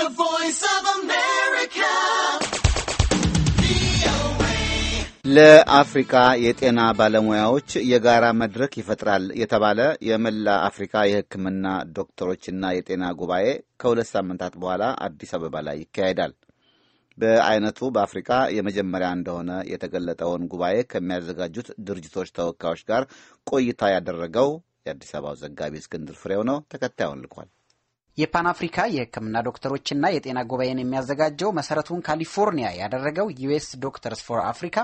The Voice of America. ለአፍሪካ የጤና ባለሙያዎች የጋራ መድረክ ይፈጥራል የተባለ የመላ አፍሪካ የሕክምና ዶክተሮችና የጤና ጉባኤ ከሁለት ሳምንታት በኋላ አዲስ አበባ ላይ ይካሄዳል። በአይነቱ በአፍሪካ የመጀመሪያ እንደሆነ የተገለጠውን ጉባኤ ከሚያዘጋጁት ድርጅቶች ተወካዮች ጋር ቆይታ ያደረገው የአዲስ አበባው ዘጋቢ እስክንድር ፍሬው ነው። ተከታዩን ልኳል። የፓን አፍሪካ የሕክምና ዶክተሮችና የጤና ጉባኤን የሚያዘጋጀው መሰረቱን ካሊፎርኒያ ያደረገው ዩኤስ ዶክተርስ ፎር አፍሪካ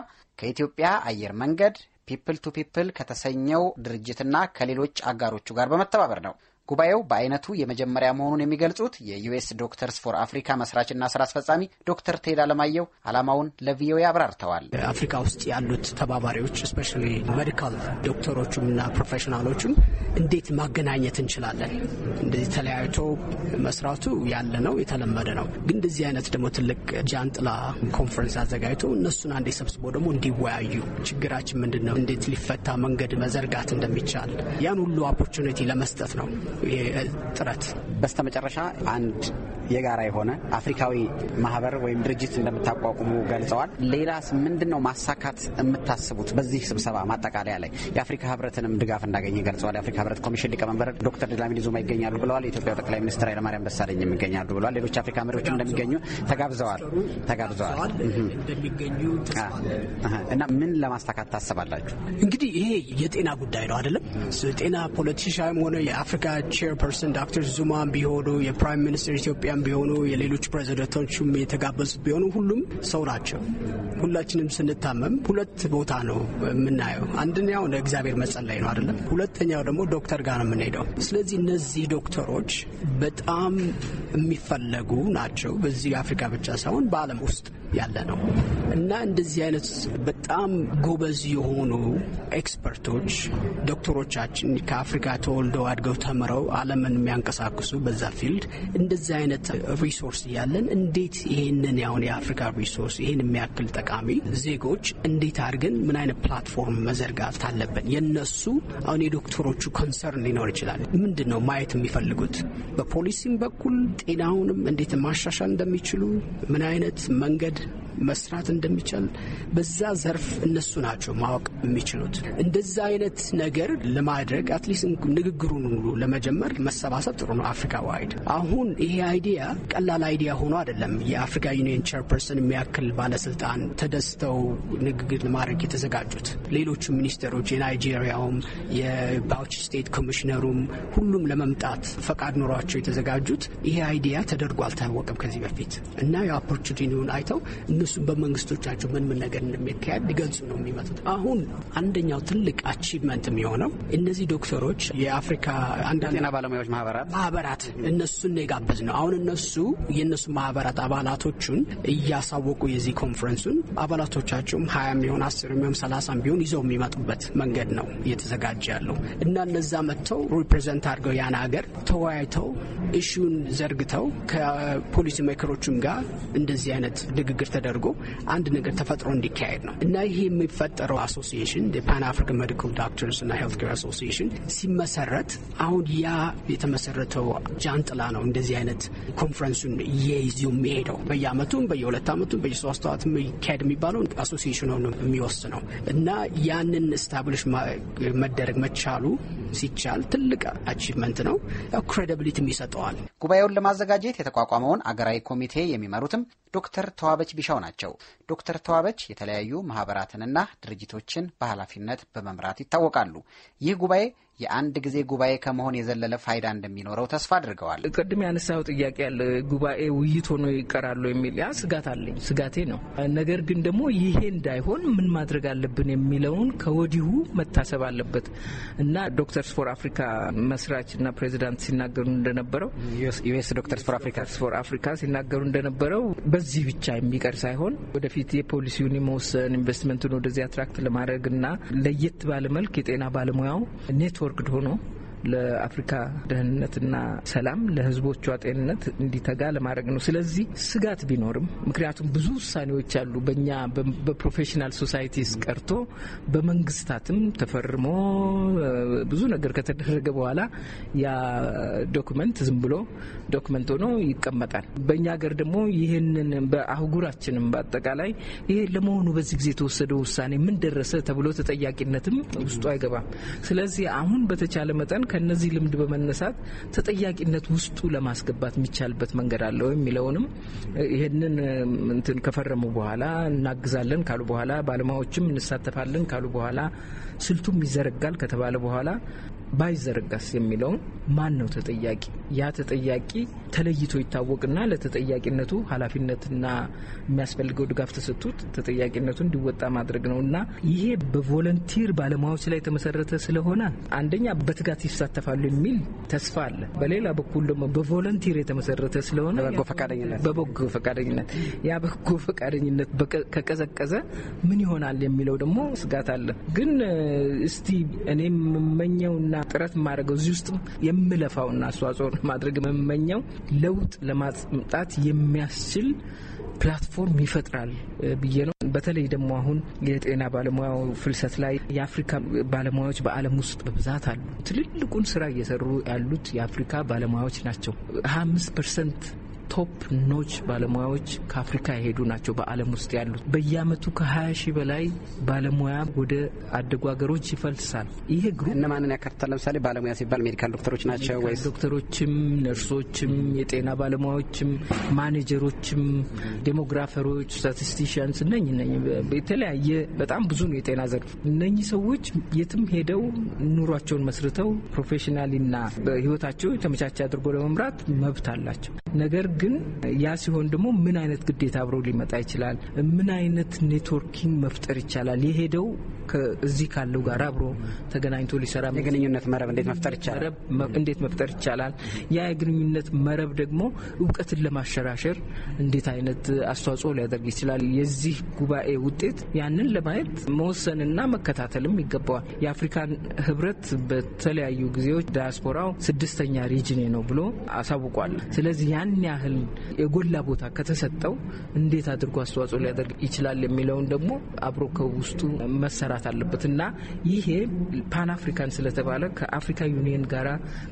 ከኢትዮጵያ አየር መንገድ ፒፕል ቱ ፒፕል ከተሰኘው ድርጅትና ከሌሎች አጋሮቹ ጋር በመተባበር ነው። ጉባኤው በአይነቱ የመጀመሪያ መሆኑን የሚገልጹት የዩኤስ ዶክተርስ ፎር አፍሪካ መስራችና ስራ አስፈጻሚ ዶክተር ቴድ አለማየሁ ዓላማውን ለቪኦኤ አብራርተዋል። አፍሪካ ውስጥ ያሉት ተባባሪዎች እስፔሻሊ ሜዲካል ዶክተሮቹም እና ፕሮፌሽናሎቹም እንዴት ማገናኘት እንችላለን? እንደዚህ ተለያይቶ መስራቱ ያለ ነው፣ የተለመደ ነው። ግን እንደዚህ አይነት ደግሞ ትልቅ ጃንጥላ ኮንፈረንስ አዘጋጅቶ እነሱን አንዴ ሰብስቦ ደግሞ እንዲወያዩ ችግራችን ምንድን ነው፣ እንዴት ሊፈታ መንገድ መዘርጋት እንደሚቻል ያን ሁሉ ኦፖርቹኒቲ ለመስጠት ነው። ይሄ ጥረት በስተመጨረሻ አንድ የጋራ የሆነ አፍሪካዊ ማህበር ወይም ድርጅት እንደምታቋቁሙ ገልጸዋል። ሌላስ ምንድን ነው ማሳካት የምታስቡት? በዚህ ስብሰባ ማጠቃለያ ላይ የአፍሪካ ህብረትንም ድጋፍ እንዳገኘ ገልጸዋል። የአፍሪካ ህብረት ኮሚሽን ሊቀመንበር ዶክተር ድላሚኒ ዙማ ይገኛሉ ብለዋል። የኢትዮጵያ ጠቅላይ ሚኒስትር ኃይለማርያም ደሳለኝም ይገኛሉ ብለዋል። ሌሎች አፍሪካ መሪዎችም እንደሚገኙ ተጋብዘዋል ተጋብዘዋል እና ምን ለማሳካት ታስባላችሁ? እንግዲህ ይሄ የጤና ጉዳይ ነው አይደለም። ጤና ፖለቲሻም ሆነ የአፍሪካ ቼርፐርሰን ዶክተር ዙማን ቢሆኑ የፕራይም ሚኒስትር ኢትዮጵያን ቢሆኑ የሌሎች ፕሬዚደንቶችም የተጋበዙት ቢሆኑ ሁሉም ሰው ናቸው። ሁላችንም ስንታመም ሁለት ቦታ ነው የምናየው። አንደኛው ለእግዚአብሔር መጸለይ ነው አይደለም። ሁለተኛው ደግሞ ዶክተር ጋር ነው የምንሄደው። ስለዚህ እነዚህ ዶክተሮች በጣም የሚፈለጉ ናቸው። በዚህ አፍሪካ ብቻ ሳይሆን በዓለም ውስጥ ያለ ነው እና እንደዚህ አይነት በጣም ጎበዝ የሆኑ ኤክስፐርቶች ዶክተሮቻችን ከአፍሪካ ተወልደው አድገው ተምረው ዓለምን የሚያንቀሳቅሱ በዛ ፊልድ እንደዚህ አይነት ሪሶርስ እያለን እንዴት ይሄንን ያሁን የአፍሪካ ሪሶርስ ይሄን የሚያክል ጠቃሚ ተጠቃሚ ዜጎች እንዴት አድርገን ምን አይነት ፕላትፎርም መዘርጋት አለብን? የነሱ አሁን የዶክተሮቹ ኮንሰርን ሊኖር ይችላል። ምንድን ነው ማየት የሚፈልጉት? በፖሊሲም በኩል ጤናውንም እንዴት ማሻሻል እንደሚችሉ ምን አይነት መንገድ መስራት እንደሚቻል በዛ ዘርፍ እነሱ ናቸው ማወቅ የሚችሉት። እንደዛ አይነት ነገር ለማድረግ አትሊስት ንግግሩን ሁሉ ለመጀመር መሰባሰብ ጥሩ ነው። አፍሪካ ዋይድ አሁን ይሄ አይዲያ ቀላል አይዲያ ሆኖ አይደለም። የአፍሪካ ዩኒየን ቼርፐርሰን የሚያክል ባለስልጣን ተደስተው ንግግር ለማድረግ የተዘጋጁት ሌሎቹ ሚኒስትሮች የናይጄሪያውም፣ የባውች ስቴት ኮሚሽነሩም ሁሉም ለመምጣት ፈቃድ ኖሯቸው የተዘጋጁት ይሄ አይዲያ ተደርጎ አልታወቀም ከዚህ በፊት እና የኦፖርቹኒቲውን አይተው እነሱም በመንግስቶቻቸው ምን ምን ነገር እንደሚካሄድ ሊገልጹ ነው የሚመጡት። አሁን አንደኛው ትልቅ አቺቭመንት የሚሆነው እነዚህ ዶክተሮች የአፍሪካ አንዳንድ ጤና ባለሙያዎች ማህበራት ማህበራት እነሱን የጋበዝ ነው። አሁን እነሱ የእነሱ ማህበራት አባላቶቹን እያሳወቁ የዚህ ኮንፈረንሱን አባላቶቻቸውም ሀያ የሚሆን አስር የሚሆን ሰላሳ ቢሆን ይዘው የሚመጡበት መንገድ ነው እየተዘጋጀ ያለው እና እነዛ መጥተው ሪፕሬዘንት አድርገው ያን ሀገር ተወያይተው እሹን ዘርግተው ከፖሊሲ ሜከሮቹም ጋር እንደዚህ አይነት ንግግር ተደርጎ ተደርጎ አንድ ነገር ተፈጥሮ እንዲካሄድ ነው እና ይህ የሚፈጠረው አሶሲሽን የፓን አፍሪካን ሜዲካል ዶክተርስ እና ሄልት ኬር አሶሲሽን ሲመሰረት አሁን ያ የተመሰረተው ጃንጥላ ነው እንደዚህ አይነት ኮንፈረንሱን እየይዞ የሚሄደው በየአመቱም በየሁለት አመቱም በየሶስት ዋት የሚካሄድ የሚባለው አሶሲዬሽኑ ነው የሚወስነው እና ያንን ስታብሊሽ መደረግ መቻሉ ሲቻል ትልቅ አቺቭመንት ነው። ክሬዲብሊቲም ይሰጠዋል። ጉባኤውን ለማዘጋጀት የተቋቋመውን አገራዊ ኮሚቴ የሚመሩትም ዶክተር ተዋበች ቢሻው ናቸው። ዶክተር ተዋበች የተለያዩ ማህበራትንና ድርጅቶችን በኃላፊነት በመምራት ይታወቃሉ። ይህ ጉባኤ የአንድ ጊዜ ጉባኤ ከመሆን የዘለለ ፋይዳ እንደሚኖረው ተስፋ አድርገዋል። ቅድም ያነሳው ጥያቄ ያለ ጉባኤ ውይይት ሆኖ ይቀራሉ የሚል ያ ስጋት አለኝ፣ ስጋቴ ነው። ነገር ግን ደግሞ ይሄ እንዳይሆን ምን ማድረግ አለብን የሚለውን ከወዲሁ መታሰብ አለበት እና ዶክተርስ ፎር አፍሪካ መስራች እና ፕሬዚዳንት ሲናገሩ እንደነበረው ዩኤስ ዶክተርስ ፎር አፍሪካ ፎር አፍሪካ ሲናገሩ እንደነበረው በዚህ ብቻ የሚቀር ሳይሆን ወደፊት የፖሊሲውን የመወሰን ኢንቨስትመንቱን ወደዚህ አትራክት ለማድረግ እና ለየት ባለመልክ የጤና ባለሙያው ኔትወርክ स्वर्ग ढूंढो ለአፍሪካ ደህንነትና ሰላም ለህዝቦቿ ጤንነት እንዲተጋ ለማድረግ ነው። ስለዚህ ስጋት ቢኖርም ምክንያቱም ብዙ ውሳኔዎች አሉ በእኛ በፕሮፌሽናል ሶሳይቲስ ቀርቶ በመንግስታትም ተፈርሞ ብዙ ነገር ከተደረገ በኋላ ያ ዶክመንት ዝም ብሎ ዶክመንት ሆኖ ይቀመጣል። በእኛ ሀገር ደግሞ ይህንን በአህጉራችንም በአጠቃላይ ይሄ ለመሆኑ በዚህ ጊዜ የተወሰደው ውሳኔ ምን ደረሰ ተብሎ ተጠያቂነትም ውስጡ አይገባም። ስለዚህ አሁን በተቻለ መጠን ከነዚህ ልምድ በመነሳት ተጠያቂነት ውስጡ ለማስገባት የሚቻልበት መንገድ አለ ወይም የሚለውንም ይህንን እንትን ከፈረሙ በኋላ እናግዛለን ካሉ በኋላ ባለሙያዎችም እንሳተፋለን ካሉ በኋላ ስልቱም ይዘረጋል ከተባለ በኋላ ባይዘረጋስ የሚለውን ማን ነው ተጠያቂ? ያ ተጠያቂ ተለይቶ ይታወቅና ለተጠያቂነቱ ኃላፊነትና የሚያስፈልገው ድጋፍ ተሰጥቶት ተጠያቂነቱ እንዲወጣ ማድረግ ነው እና ይሄ በቮለንቲር ባለሙያዎች ላይ የተመሰረተ ስለሆነ አንደኛ በትጋት ይሳተፋሉ የሚል ተስፋ አለ። በሌላ በኩል ደግሞ በቮለንቲር የተመሰረተ ስለሆነ በበጎ ፈቃደኝነት ያ በጎ ፈቃደኝነት ከቀዘቀዘ ምን ይሆናል የሚለው ደግሞ ስጋት አለ። ግን እስቲ እኔ የምመኘውና ጥረት የማደርገው እዚህ ውስጥ የምለፋውና አስተዋጽኦ ማድረግ የምመኘው ለውጥ ለማምጣት የሚያስችል ፕላትፎርም ይፈጥራል ብዬ ነው። በተለይ ደግሞ አሁን የጤና ባለሙያው ፍልሰት ላይ የአፍሪካ ባለሙያዎች በዓለም ውስጥ በብዛት አሉ። ትልልቁን ስራ እየሰሩ ያሉት የአፍሪካ ባለሙያዎች ናቸው። 25 ፐርሰንት ቶፕ ኖች ባለሙያዎች ከአፍሪካ የሄዱ ናቸው። በዓለም ውስጥ ያሉት በየአመቱ ከ20 ሺህ በላይ ባለሙያ ወደ አደጉ ሀገሮች ይፈልሳል። ይሄ ግሩፕ እነማንን ያካትታል? ለምሳሌ ባለሙያ ሲባል ሜዲካል ዶክተሮች ናቸው ወይስ ዶክተሮችም፣ ነርሶችም፣ የጤና ባለሙያዎችም፣ ማኔጀሮችም፣ ዴሞግራፈሮች፣ ስታቲስቲሽያንስ እነኝ እነኝ የተለያየ በጣም ብዙ ነው የጤና ዘርፍ። እነኚህ ሰዎች የትም ሄደው ኑሯቸውን መስርተው ፕሮፌሽናሊና በህይወታቸው የተመቻቸ አድርጎ ለመምራት መብት አላቸው ነገር ግን ያ ሲሆን ደግሞ ምን አይነት ግዴታ አብሮ ሊመጣ ይችላል? ምን አይነት ኔትወርኪንግ መፍጠር ይቻላል? የሄደው እዚህ ካለው ጋር አብሮ ተገናኝቶ ሊሰራ የግንኙነት መረብ እንዴት መፍጠር ይቻላል? እንዴት መፍጠር ይቻላል? ያ የግንኙነት መረብ ደግሞ እውቀትን ለማሸራሸር እንዴት አይነት አስተዋጽኦ ሊያደርግ ይችላል? የዚህ ጉባኤ ውጤት ያንን ለማየት መወሰንና መከታተልም ይገባዋል። የአፍሪካን ህብረት በተለያዩ ጊዜዎች ዳያስፖራው ስድስተኛ ሪጅኔ ነው ብሎ አሳውቋል። ስለዚህ ያን ያህል ያህል የጎላ ቦታ ከተሰጠው እንዴት አድርጎ አስተዋጽኦ ሊያደርግ ይችላል የሚለውን ደግሞ አብሮ ከውስጡ መሰራት አለበት እና ይሄ ፓን አፍሪካን ስለተባለ ከአፍሪካ ዩኒየን ጋራ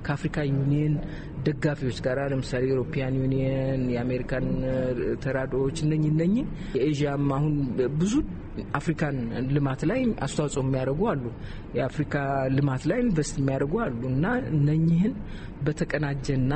ከአፍሪካ ዩኒየን ደጋፊዎች ጋራ ለምሳሌ ዩሮፒያን ዩኒየን፣ የአሜሪካን ተራድኦዎች እነኝ እነኝ የኤዥያም አሁን ብዙ አፍሪካን ልማት ላይ አስተዋጽኦ የሚያደርጉ አሉ። የአፍሪካ ልማት ላይ ኢንቨስት የሚያደርጉ አሉ እና እነኚህን በተቀናጀና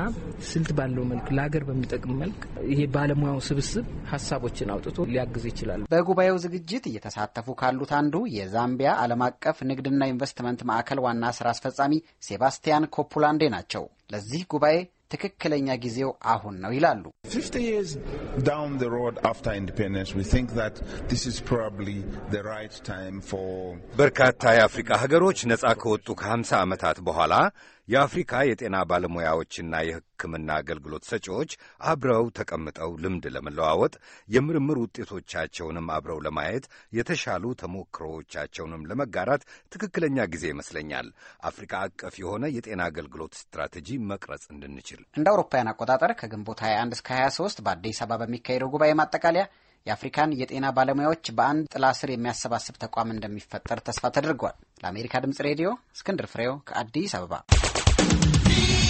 ስልት ባለው መልክ ለሀገር በሚጠቅም መልክ ይሄ ባለሙያው ስብስብ ሀሳቦችን አውጥቶ ሊያግዝ ይችላል። በጉባኤው ዝግጅት እየተሳተፉ ካሉት አንዱ የዛምቢያ ዓለም አቀፍ ንግድና ኢንቨስትመንት ማዕከል ዋና ስራ አስፈጻሚ ሴባስቲያን ኮፑላንዴ ናቸው። ለዚህ ጉባኤ ትክክለኛ ጊዜው አሁን ነው ይላሉ። በርካታ የአፍሪቃ ሀገሮች ነጻ ከወጡ ከ50 ዓመታት በኋላ የአፍሪካ የጤና ባለሙያዎችና የሕክምና አገልግሎት ሰጪዎች አብረው ተቀምጠው ልምድ ለመለዋወጥ የምርምር ውጤቶቻቸውንም አብረው ለማየት የተሻሉ ተሞክሮዎቻቸውንም ለመጋራት ትክክለኛ ጊዜ ይመስለኛል። አፍሪካ አቀፍ የሆነ የጤና አገልግሎት ስትራቴጂ መቅረጽ እንድንችል እንደ አውሮፓውያን አቆጣጠር ከግንቦት 21 እስከ 23 በአዲስ አበባ በሚካሄደው ጉባኤ ማጠቃለያ የአፍሪካን የጤና ባለሙያዎች በአንድ ጥላ ስር የሚያሰባስብ ተቋም እንደሚፈጠር ተስፋ ተደርጓል። ለአሜሪካ ድምጽ ሬዲዮ እስክንድር ፍሬው ከአዲስ አበባ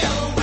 Radio.